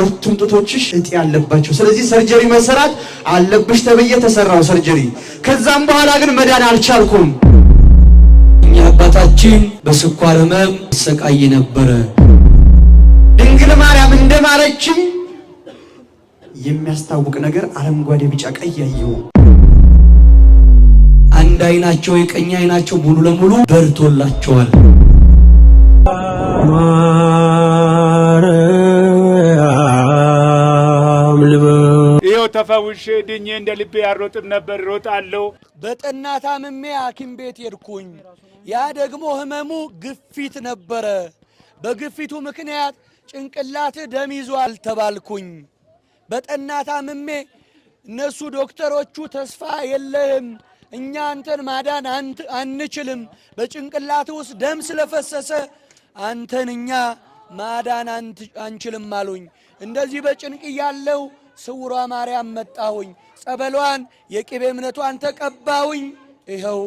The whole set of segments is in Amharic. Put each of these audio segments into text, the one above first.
ሁለቱም ጡቶችሽ እጢ ያለባቸው፣ ስለዚህ ሰርጀሪ መሰራት አለብሽ ተብዬ ተሰራው ሰርጀሪ። ከዛም በኋላ ግን መዳን አልቻልኩም። እኛ አባታችን በስኳር ህመም ይሰቃይ ነበረ። ድንግል ማርያም እንደማለችም የሚያስታውቅ ነገር አረንጓዴ፣ ቢጫ፣ ቀይ ያየው አንድ አይናቸው የቀኝ አይናቸው ሙሉ ለሙሉ በርቶላቸዋል። ውሽ ድኜ እንደ ልቤ ያሮጥም ነበር ሮጣለሁ። በጠና ታምሜ ሐኪም ቤት ሄድኩኝ። ያ ደግሞ ህመሙ ግፊት ነበረ። በግፊቱ ምክንያት ጭንቅላት ደም ይዟል ተባልኩኝ። በጠና ታምሜ እነሱ ዶክተሮቹ ተስፋ የለህም እኛ አንተን ማዳን አንችልም፣ በጭንቅላት ውስጥ ደም ስለፈሰሰ አንተን እኛ ማዳን አንችልም አሉኝ። እንደዚህ በጭንቅ ያለው ስውሯ ማርያም መጣሁኝ፣ ጸበሏን የቅቤ እምነቷን ተቀባሁኝ፣ ይኸው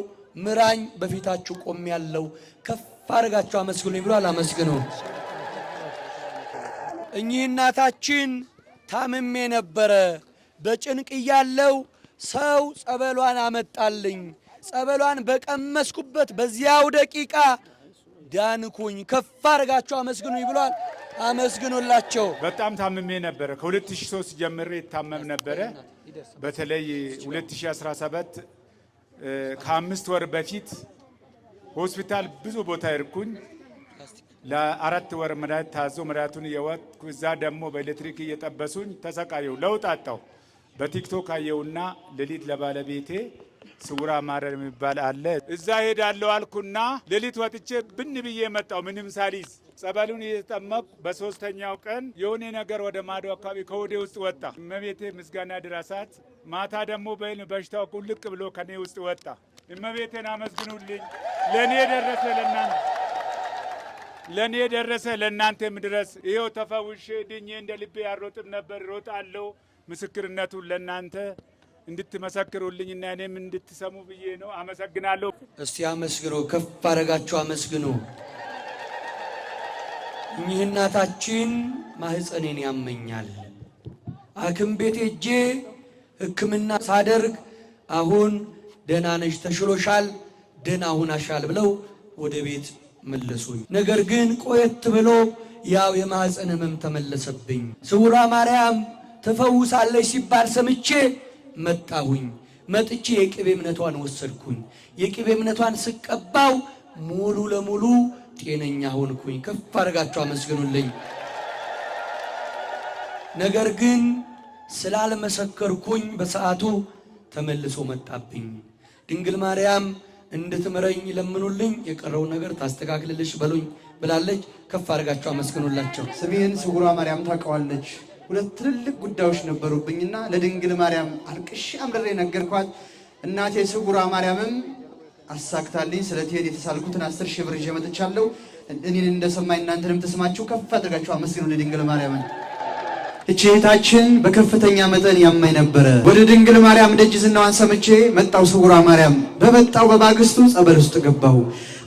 ምራኝ፣ በፊታችሁ ቆም ያለው ከፍ አድርጋችሁ አመስግኑኝ ብሏል። አመስግኑ። እኚህ እናታችን ታምሜ ነበረ፣ በጭንቅ እያለው ሰው ጸበሏን አመጣልኝ። ጸበሏን በቀመስኩበት በዚያው ደቂቃ ዳንኩኝ። ከፍ አድርጋችሁ አመስግኑኝ ብሏል። አመስግኑላቸው። በጣም ታምሜ ነበረ። ከ2003 ጀምሬ ይታመም ነበረ። በተለይ 2017 ከአምስት ወር በፊት ሆስፒታል ብዙ ቦታ ይርኩኝ ለአራት ወር መድኃኒት ታዞ መድኃኒቱን እየወጥኩ እዛ ደግሞ በኤሌክትሪክ እየጠበሱኝ ተሰቃየው። ለውጥ አጣሁ። በቲክቶክ አየውና ሌሊት ለባለቤቴ ስውራ ማረር የሚባል አለ። እዛ ሄዳለሁ አልኩና ሌሊት ወጥቼ ብን ብዬ መጣው ምንም ሳሊዝ ጸበሉን እየተጠመቅ በሶስተኛው ቀን የሆነ ነገር ወደ ማዶ አካባቢ ከወዴ ውስጥ ወጣ። እመቤቴ ምስጋና ድረሳት። ማታ ደግሞ በህልም በሽታው ቁልቅ ብሎ ከኔ ውስጥ ወጣ። እመቤቴን አመስግኑልኝ። ለእኔ የደረሰ ለእናንተ ለእኔ የደረሰ ለእናንተም ድረስ። ይኸው ተፈውሼ ድኜ እንደ ልቤ ያሮጥም ነበር ሮጣለሁ። ምስክርነቱን ለእናንተ እንድትመሰክሩልኝና እኔም እንድትሰሙ ብዬ ነው። አመሰግናለሁ። እስቲ አመስግኖ ከፍ አረጋችሁ አመስግኖ እኚህ እናታችን ማህፀኔን ያመኛል አክም ቤት ሄጄ ሕክምና ሳደርግ አሁን ደህና ነሽ ተሽሎሻል፣ ደህና ሁናሻል ብለው ወደ ቤት መለሱኝ። ነገር ግን ቆየት ብሎ ያው የማህፀን ህመም ተመለሰብኝ። ስውሯ ማርያም ትፈውሳለች ሲባል ሰምቼ መጣሁኝ። መጥቼ የቅቤ እምነቷን ወሰድኩኝ። የቅቤ እምነቷን ስቀባው ሙሉ ለሙሉ ጤነኛ ሆንኩኝ። ከፍ አድርጋችሁ አመስግኑልኝ። ነገር ግን ስላልመሰከርኩኝ በሰዓቱ ተመልሶ መጣብኝ። ድንግል ማርያም እንድትምረኝ ለምኑልኝ፣ የቀረውን ነገር ታስተካክልልሽ በሉኝ ብላለች። ከፍ አድርጋችሁ አመስግኑላቸው። ስሜን ስውሯ ማርያም ታውቀዋለች። ሁለት ትልልቅ ጉዳዮች ነበሩብኝና ለድንግል ማርያም አልቅሼ አምርሬ ነገርኳት። እናቴ ስጉራ ማርያምም አሳክታልኝ። ስለ ትሄድ የተሳልኩትን አስር ሺህ ብር ይዤ መጥቻለሁ። እኔን እንደሰማኝ እናንተንም ተስማችሁ ከፍ አድርጋችሁ አመስግኑ ለድንግል ማርያምን። እቺ እህታችን በከፍተኛ መጠን ያማኝ ነበረ። ወደ ድንግል ማርያም ደጅዝናዋን ሰምቼ መጣው ስጉራ ማርያም። በመጣው በማግስቱ ጸበል ውስጥ ገባሁ።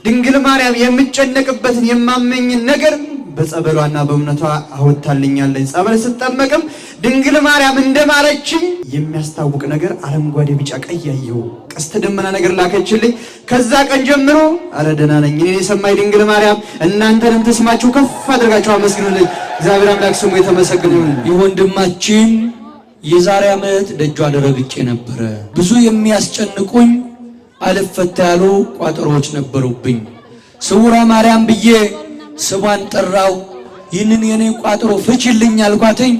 ድንግል ማርያም የምጨነቅበትን የማመኝን ነገር በጸበሏና በእምነቷ አወታልኛለች። ጸበል ስጠመቅም ድንግል ማርያም እንደማረችኝ የሚያስታውቅ ነገር አረንጓዴ፣ ቢጫ፣ ቀይ ያየው ቀስተ ደመና ነገር ላከችልኝ። ከዛ ቀን ጀምሮ አረ ደህና ነኝ። እኔን የሰማኝ ድንግል ማርያም እናንተንም ተስማችሁ ከፍ አድርጋችሁ አመስግኑልኝ። እግዚአብሔር አምላክ ስሙ የተመሰገነ ይሁን። የወንድማችን የዛሬ ዓመት ደጇ ደረግጬ ነበረ። ብዙ የሚያስጨንቁኝ አልፈታ ያሉ ቋጠሮዎች ነበሩብኝ። ስውሯ ማርያም ብዬ ስሟን ጠራው። ይህንን የኔ ቋጠሮ ፍችልኝ አልኳትኝ።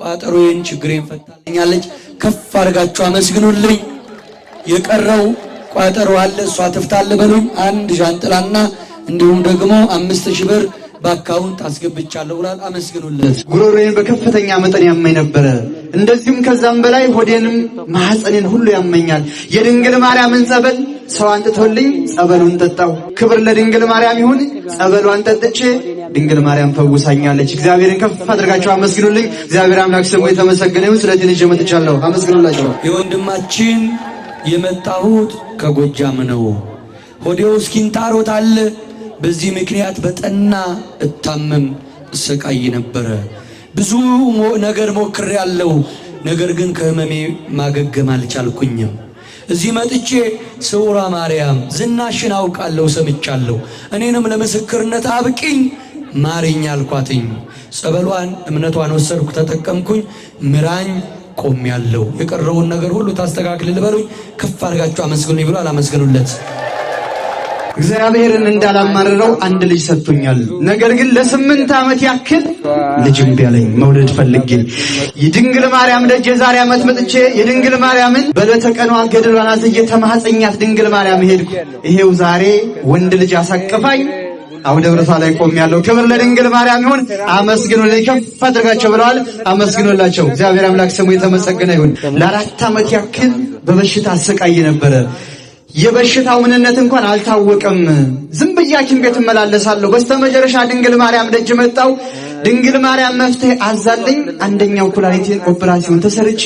ቋጠሮዬን ችግሬን ፈታልኛለች። ከፍ አድርጋችሁ አመስግኑልኝ። የቀረው ቋጠሮ አለ እሷ ትፍታል በሉኝ። አንድ ዣንጥላና እንዲሁም ደግሞ አምስት ሺህ ብር በአካውንት አስገብቻለሁ ብሏል። አመስግኑለት። ጉሮሮዬን በከፍተኛ መጠን ያመኝ ነበረ። እንደዚሁም ከዛም በላይ ሆዴንም ማህፀኔን ሁሉ ያመኛል። የድንግል ማርያምን ጸበል ሰው አንጥቶልኝ ጸበሉን ጠጣው። ክብር ለድንግል ማርያም ይሁን። ጸበሏን ጠጥቼ ድንግል ማርያም ፈውሳኛለች። እግዚአብሔርን ከፍ አድርጋቸው አመስግኑልኝ። እግዚአብሔር አምላክ ስሙ የተመሰገነ ይሁን። ስለዚህ ልጅ መጥቻለሁ። አመስግኑላቸው። የወንድማችን የመጣሁት ከጎጃም ነው። ሆዴው ስኪን ኪንታሮት አለ። በዚህ ምክንያት በጠና እታመም እሰቃይ ነበረ። ብዙ ነገር ሞክሬ ያለው ነገር ግን ከህመሜ ማገገም አልቻልኩኝም። እዚህ መጥቼ ስውራ ማርያም ዝናሽን አውቃለሁ ሰምቻለሁ፣ እኔንም ለምስክርነት አብቂኝ ማሪኝ አልኳትኝ። ጸበሏን እምነቷን ወሰድኩ፣ ተጠቀምኩኝ። ምራኝ ቆም ያለው የቀረውን ነገር ሁሉ ታስተካክልል በሉኝ። ከፍ አድርጋችሁ አመስግኑኝ ብሎ አላመስግኑለት እግዚአብሔርን እንዳላማረረው አንድ ልጅ ሰጥቶኛል። ነገር ግን ለስምንት ዓመት ያክል ልጅም ቢያለኝ መውለድ ፈልጌ የድንግል ማርያም ደጅ የዛሬ ዓመት መጥቼ የድንግል ማርያምን በዕለተ ቀኗ ገድሏን አዝዬ ተማሐፀኛት ድንግል ማርያም ሄድኩ። ይሄው ዛሬ ወንድ ልጅ አሳቅፋኝ አሁን ደብረቷ ላይ ቆም ያለው ክብር ለድንግል ማርያም ይሁን። አመስግኑልኝ፣ ከፍ አድርጋቸው ብለዋል። አመስግኑላቸው። እግዚአብሔር አምላክ ስሙ የተመሰገነ ይሁን። ለአራት ዓመት ያክል በበሽታ አሰቃይ ነበረ። የበሽታው ምንነት እንኳን አልታወቀም። ዝም ብያችን ሐኪም ቤት እመላለሳለሁ። በስተመጨረሻ ድንግል ማርያም ደጅ መጣው። ድንግል ማርያም መፍትሄ አዛለኝ። አንደኛው ኩላሊቴን ኦፕራሲዮን ተሰርቼ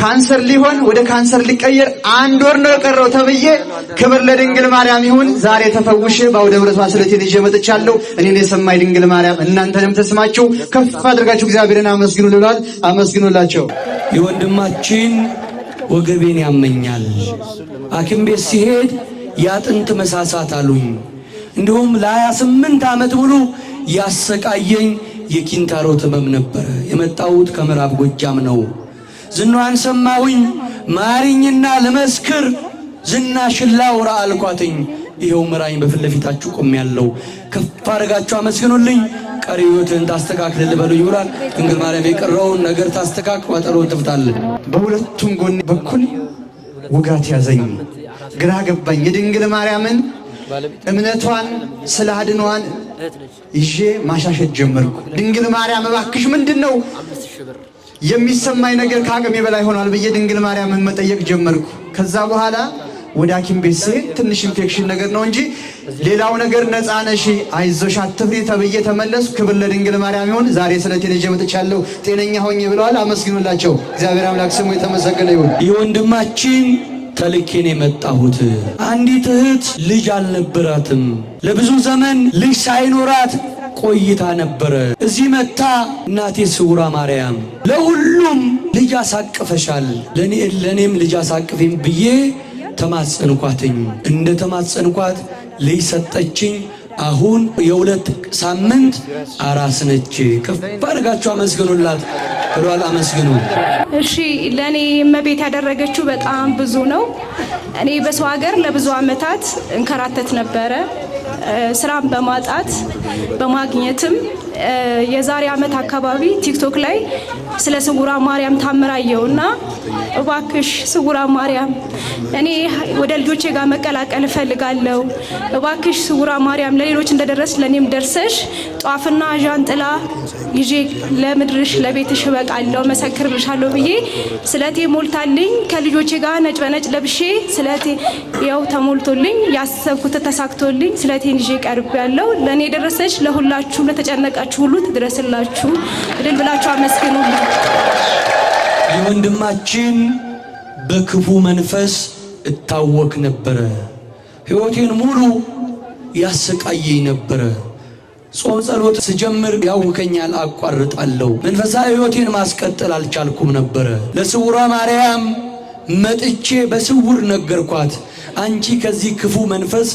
ካንሰር ሊሆን ወደ ካንሰር ሊቀየር አንድ ወር ነው የቀረው ተብዬ፣ ክብር ለድንግል ማርያም ይሁን። ዛሬ ተፈውሼ በአውደ ምሕረት ስለቴን ይዤ መጥቻለሁ። እኔን የሰማይ ድንግል ማርያም እናንተንም ተስማችሁ ከፍ አድርጋችሁ እግዚአብሔርን አመስግኑ ልሏል። አመስግኑላቸው። የወንድማችን ወገቤን ያመኛል ሐኪም ቤት ሲሄድ የአጥንት መሳሳት አሉኝ። እንዲሁም ለ28 ዓመት ሙሉ ያሰቃየኝ የኪንታሮት ህመም ነበረ። የመጣሁት ከምዕራብ ጎጃም ነው። ዝናዋን ሰማሁኝ ማሪኝና ለመስክር ዝና ሽላ ውራ አልኳትኝ። ይኸው ምራኝ በፊት ለፊታችሁ ቆም ያለው ከፍ አድርጋችሁ አመስግኑልኝ። ቀሪ ህይወትን ታስተካክል ልበሉ ብሏል። ድንግል ማርያም የቀረውን ነገር ታስተካክል፣ ቋጠሮ ትፍታለን። በሁለቱም ጎን በኩል ውጋት ያዘኝ፣ ግራ ገባኝ። የድንግል ማርያምን እምነቷን ስለ አድኗን ይዤ ማሻሸት ጀመርኩ። ድንግል ማርያም እባክሽ ምንድን ነው የሚሰማኝ ነገር ከአቅሜ በላይ ሆኗል ብዬ ድንግል ማርያምን መጠየቅ ጀመርኩ። ከዛ በኋላ ወደ ሐኪም ቤት ስሄድ ትንሽ ኢንፌክሽን ነገር ነው እንጂ ሌላው ነገር ነፃ ነሽ፣ አይዞሽ፣ አትፍሪ ተብዬ ተመለስ። ክብር ለድንግል ማርያም ይሁን። ዛሬ ስለቴን ይዤ መጥቻለሁ፣ ጤነኛ ሆኜ ብለዋል። አመስግኑላቸው። እግዚአብሔር አምላክ ስሙ የተመሰገነ ይሁን። የወንድማችን ተልኬን የመጣሁት አንዲት እህት ልጅ አልነበራትም። ለብዙ ዘመን ልጅ ሳይኖራት ቆይታ ነበረ። እዚህ መታ እናቴ ስውራ ማርያም ለሁሉም ልጅ አሳቅፈሻል፣ ለእኔም ልጅ አሳቅፊም ብዬ ተማጸንኳትኝ። እንደ ተማጸንኳት ልጅ ሰጠችኝ። አሁን የሁለት ሳምንት አራስ ነች። ከፍ አድርጋችሁ አመስግኑላት ብሏል። አመስግኑ። እሺ፣ ለእኔ እመቤት ያደረገችው በጣም ብዙ ነው። እኔ በሰው ሀገር ለብዙ አመታት እንከራተት ነበረ ስራም በማጣት በማግኘትም የዛሬ ዓመት አካባቢ ቲክቶክ ላይ ስለ ስውሯ ማርያም ታምራየው እና እባክሽ ስውሯ ማርያም እኔ ወደ ልጆቼ ጋር መቀላቀል እፈልጋለሁ፣ እባክሽ ስውሯ ማርያም ለሌሎች እንደደረስ ለእኔም ደርሰሽ ጧፍና ዣንጥላ ይዤ ለምድርሽ ለቤትሽ እበቃለሁ መሰክርልሻለሁ ብዬ ስለቴ ሞልታልኝ ከልጆቼ ጋር ነጭ በነጭ ለብሼ ስለቴ ያው ተሞልቶልኝ ያሰብኩት ተሳክቶልኝ ስለቴን ይዤ ቀርብ ያለው ለእኔ የደረሰች ለሁላችሁም ለተጨነቀ ለመጣችሁ ሁሉ ትድረስላችሁ። እድል ብላችሁ አመስግኑ። የወንድማችን በክፉ መንፈስ እታወክ ነበረ። ሕይወቴን ሙሉ ያሰቃየኝ ነበረ። ጾም ጸሎት ስጀምር ያውከኛል፣ አቋርጣለሁ። መንፈሳዊ ሕይወቴን ማስቀጠል አልቻልኩም ነበረ። ለስውሯ ማርያም መጥቼ በስውር ነገርኳት፣ አንቺ ከዚህ ክፉ መንፈስ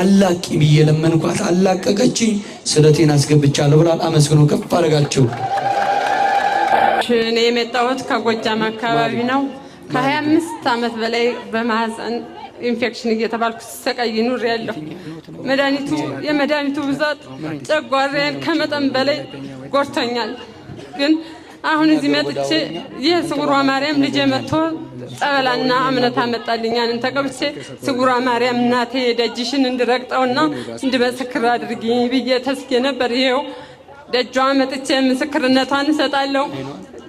አላቂ ብዬ ለመንኳት፣ አላቀቀችኝ። ስለቴን አስገብቻለሁ ብላል። አመስግኖ ከፍ አደረጋቸው። እኔ የመጣሁት ከጎጃም አካባቢ ነው። ከ25 ዓመት በላይ በማህፀን ኢንፌክሽን እየተባልኩ ስሰቃይ ኑር ያለሁ መድኃኒቱ የመድኃኒቱ ብዛት ጨጓራዬን ከመጠን በላይ ጎርቶኛል። ግን አሁን እዚህ መጥቼ የስጉሯ ማርያም ልጄ መጥቶ ጸበላና እምነት አመጣልኝ። ያንን ተቀብቼ ስጉሯ ማርያም እናቴ ደጅሽን እንድረግጠውና እንድመሰክር አድርጊ ብዬ ተስጌ ነበር። ይኸው ደጇ መጥቼ ምስክርነቷን እሰጣለሁ።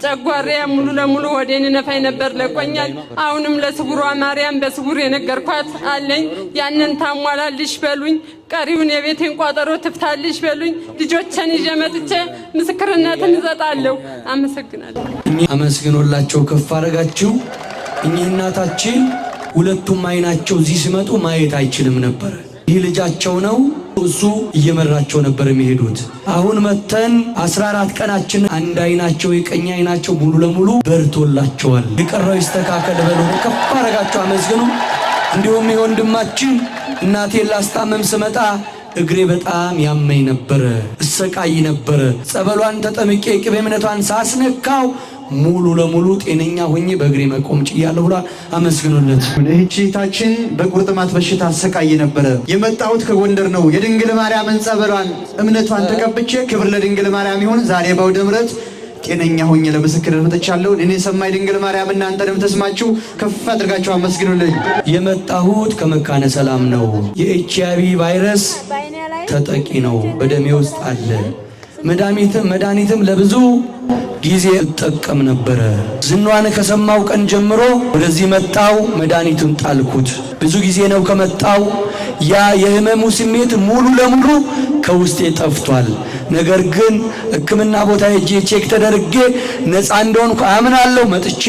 ጨጓራዬ ሙሉ ለሙሉ ወዴን ነፋይ ነበር፣ ለቆኛል። አሁንም ለስጉሯ ማርያም በስጉር የነገርኳት አለኝ። ያንን ታሟላልሽ በሉኝ፣ ቀሪውን የቤቴን ቋጠሮ ትፍታልሽ በሉኝ። ልጆችን ይዤ መጥቼ ምስክርነትን እሰጣለሁ። አመሰግናለሁ። አመስግኖላቸው ከፍ አረጋችሁ። እኚህ እናታችን ሁለቱም አይናቸው እዚህ ሲመጡ ማየት አይችልም ነበር። ይህ ልጃቸው ነው። እሱ እየመራቸው ነበር የሚሄዱት። አሁን መተን አስራ አራት ቀናችን አንድ አይናቸው የቀኝ አይናቸው ሙሉ ለሙሉ በርቶላቸዋል። የቀረው ይስተካከል በሉ፣ ከፍ አረጋቸው፣ አመስግኑ። እንዲሁም የወንድማችን እናቴን ላስታመም ስመጣ እግሬ በጣም ያመኝ ነበረ፣ እሰቃይ ነበረ። ጸበሏን ተጠምቄ ቅቤ እምነቷን ሳስነካው ሙሉ ለሙሉ ጤነኛ ሆኜ በእግሬ መቆም ችያለሁ ብላ አመስግኑለት። እህታችን በቁርጥማት በሽታ አሰቃይ ነበረ። የመጣሁት ከጎንደር ነው። የድንግል ማርያም እንጸበሏን እምነቷን ተቀብቼ ክብር ለድንግል ማርያም ይሁን። ዛሬ በአውደ ምሕረት ጤነኛ ሆኜ ለምስክር መጥቻለሁ። እኔ ሰማይ ድንግል ማርያም እናንተ ተስማችሁ ከፍ አድርጋችሁ አመስግኑልኝ። የመጣሁት ከመካነ ሰላም ነው። የኤችአይቪ ቫይረስ ተጠቂ ነው፣ በደሜ ውስጥ አለ መድኃኒትም ለብዙ ጊዜ እጠቀም ነበረ። ዝኗን ከሰማው ቀን ጀምሮ ወደዚህ መጣው፣ መድኃኒቱን ጣልኩት። ብዙ ጊዜ ነው ከመጣው። ያ የህመሙ ስሜት ሙሉ ለሙሉ ከውስጤ ጠፍቷል። ነገር ግን ሕክምና ቦታ ሄጄ ቼክ ተደርጌ ነፃ እንደሆንኩ አምናለሁ፣ መጥቼ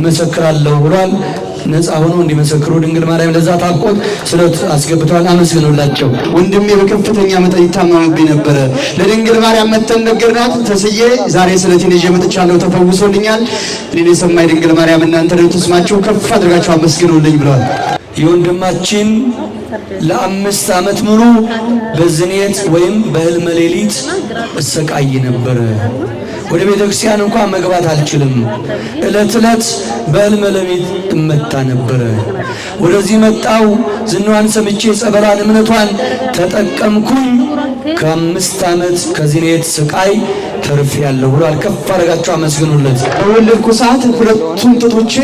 እመሰክራለሁ ብሏል። ነፃ ሆኖ እንዲመሰክሩ ድንግል ማርያም ለዛ ታቆት ስለት አስገብተዋል። አመስግኑላቸው። ወንድሜ በከፍተኛ መጠን ይታመምብኝ ነበረ። ለድንግል ማርያም መተን ነገርናት። ተስዬ ዛሬ ስለቴን ይዤ መጥቻለሁ፣ ተፈውሶልኛል። እኔን የሰማይ ድንግል ማርያም እናንተ ደግሞ ተስማችሁ ከፍ አድርጋችሁ አመስግኑልኝ ብለዋል። የወንድማችን ለአምስት ዓመት ሙሉ በዝኔት ወይም በህልመ ሌሊት እሰቃይ ነበረ። ወደ ቤተ ክርስቲያን እንኳን መግባት አልችልም። ዕለት ዕለት በሕልመ ሌሊት እመታ ነበረ። ወደዚህ መጣው ዝናዋን ሰምቼ ጸበሏን እምነቷን ተጠቀምኩኝ። ከአምስት ዓመት ከዚህ ስቃይ ተርፍ ያለው ብሎ አልከፍ አረጋቸው አመስግኑለት። በወለድኩ ሰዓት ሁለቱም ጡቶቼ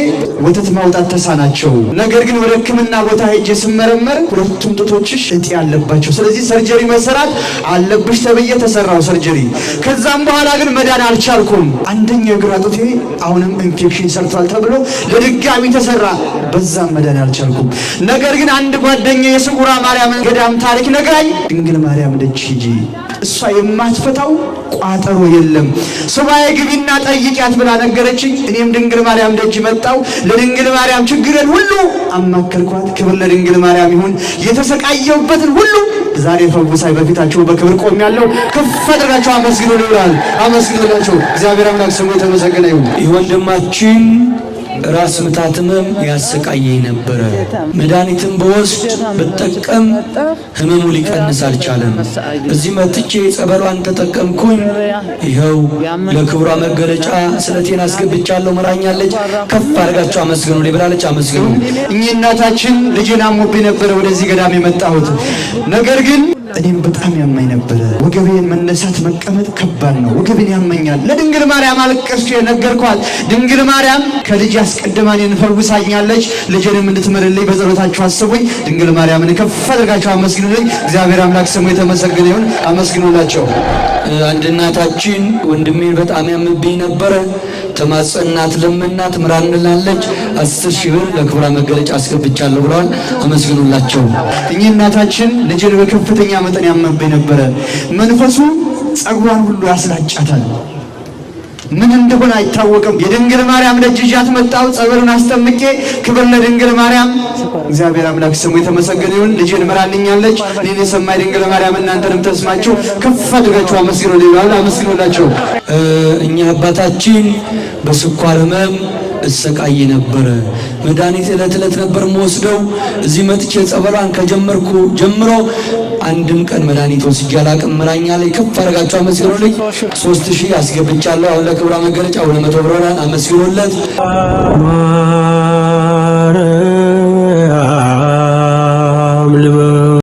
ወተት ማውጣት ተሳናቸው። ነገር ግን ወደ ሕክምና ቦታ ሄጄ ስመረመር ሁለቱም ጡቶችሽ እጢ አለባቸው ስለዚህ ሰርጀሪ መሰራት አለብሽ ተብዬ ተሰራው ሰርጀሪ። ከዛም በኋላ ግን መዳን አልቻልኩም። አንደኛው የግራ ጡቴ አሁንም ኢንፌክሽን ሰርቷል ተብሎ ለድጋሚ ተሰራ። በዛም መዳን አልቻልኩም። ነገር ግን አንድ ጓደኛ የስጉራ ማርያም ገዳም ታሪክ ነግራኝ ድንግል ማርያም ደጅ ሂጂ እሷ የማትፈታው ቋጠሮ የለም። ሱባኤ ግቢና ጠይቂያት ብላ ነገረችኝ። እኔም ድንግል ማርያም ደጅ መጣው። ለድንግል ማርያም ችግርን ሁሉ አማከርኳት። ክብር ለድንግል ማርያም ይሁን። የተሰቃየሁበትን ሁሉ ዛሬ ፈውሳይ በፊታቸው በክብር ከፍ አድርጋቸው አመስግኑ አመስግኑላቸው። እግዚአብሔር አምላክ ስሙ የተመሰገነ ይሁን። ይህ ወንድማችን ራስ ምታትምም ያሰቃየኝ ነበረ። መድኃኒትም በወስድ ብጠቀም ህመሙ ሊቀንስ አልቻለም። እዚህ መጥቼ ጸበሏን ተጠቀምኩኝ። ይኸው ለክብሯ መገለጫ ስለቴን አስገብቻለሁ። ምራኛለች። ከፍ አድርጋችሁ አመስግኑ ብላለች። አመስግኑ። እኚህ እናታችን ልጄን አሞብኝ ነበረ ወደዚህ ገዳም የመጣሁት ነገር ግን እኔም በጣም ያማኝ ነበረ። ወገቤን መነሳት መቀመጥ ከባድ ነው፣ ወገቤን ያመኛል። ለድንግል ማርያም አለቀስኩ የነገርኳት። ድንግል ማርያም ከልጅ አስቀድማ እኔን ፈውሳኛለች። ልጄንም እንድትምርልኝ በጸሎታችሁ አስቡኝ። ድንግል ማርያምን ከፍ አድርጋችሁ አመስግኑልኝ። እግዚአብሔር አምላክ ስሙ የተመሰገነ ይሁን። አመስግኑላቸው። አንድ እናታችን ወንድሜን በጣም ያምብኝ ነበረ ተማጽናት ለምና ምራን እንላለች። አስር ሺህ ብር ለክብራ መገለጫ አስገብቻለሁ ብለዋል። አመስግኑላቸው። እኚህ እናታችን ልጅን በከፍተኛ መጠን ያመመኝ ነበረ። መንፈሱ ጸጉሯን ሁሉ ያስላጫታል። ምን እንደሆነ አይታወቅም። የድንግል ማርያም ደጅ መጣው ጸበሉን አስጠምቄ። ክብር ለድንግል ማርያም። እግዚአብሔር አምላክ ስሙ የተመሰገነ ይሁን። ልጄን ምራልኛለች። እኔን የሰማይ ድንግል ማርያም እናንተንም ተስማችሁ ከፍ አድርጋችሁ አመስግኑ። ሌላውን አመስግኑላቸው። እኛ አባታችን በስኳር ህመም እሰቃይ ነበረ። መድኃኒት ዕለት ዕለት ነበር መወስደው። እዚህ መጥቼ ጸበሏን ከጀመርኩ ጀምሮ አንድም ቀን መድኃኒት ወስጄ አላቅም። መላኛ ላይ ከፍ አድርጋችሁ አመስግኖልኝ። ሶስት ሺህ አስገብቻለሁ። አሁን ለክብራ መገለጫ ሁለት መቶ ብር ሆናል። አመስግኖለት ማርያም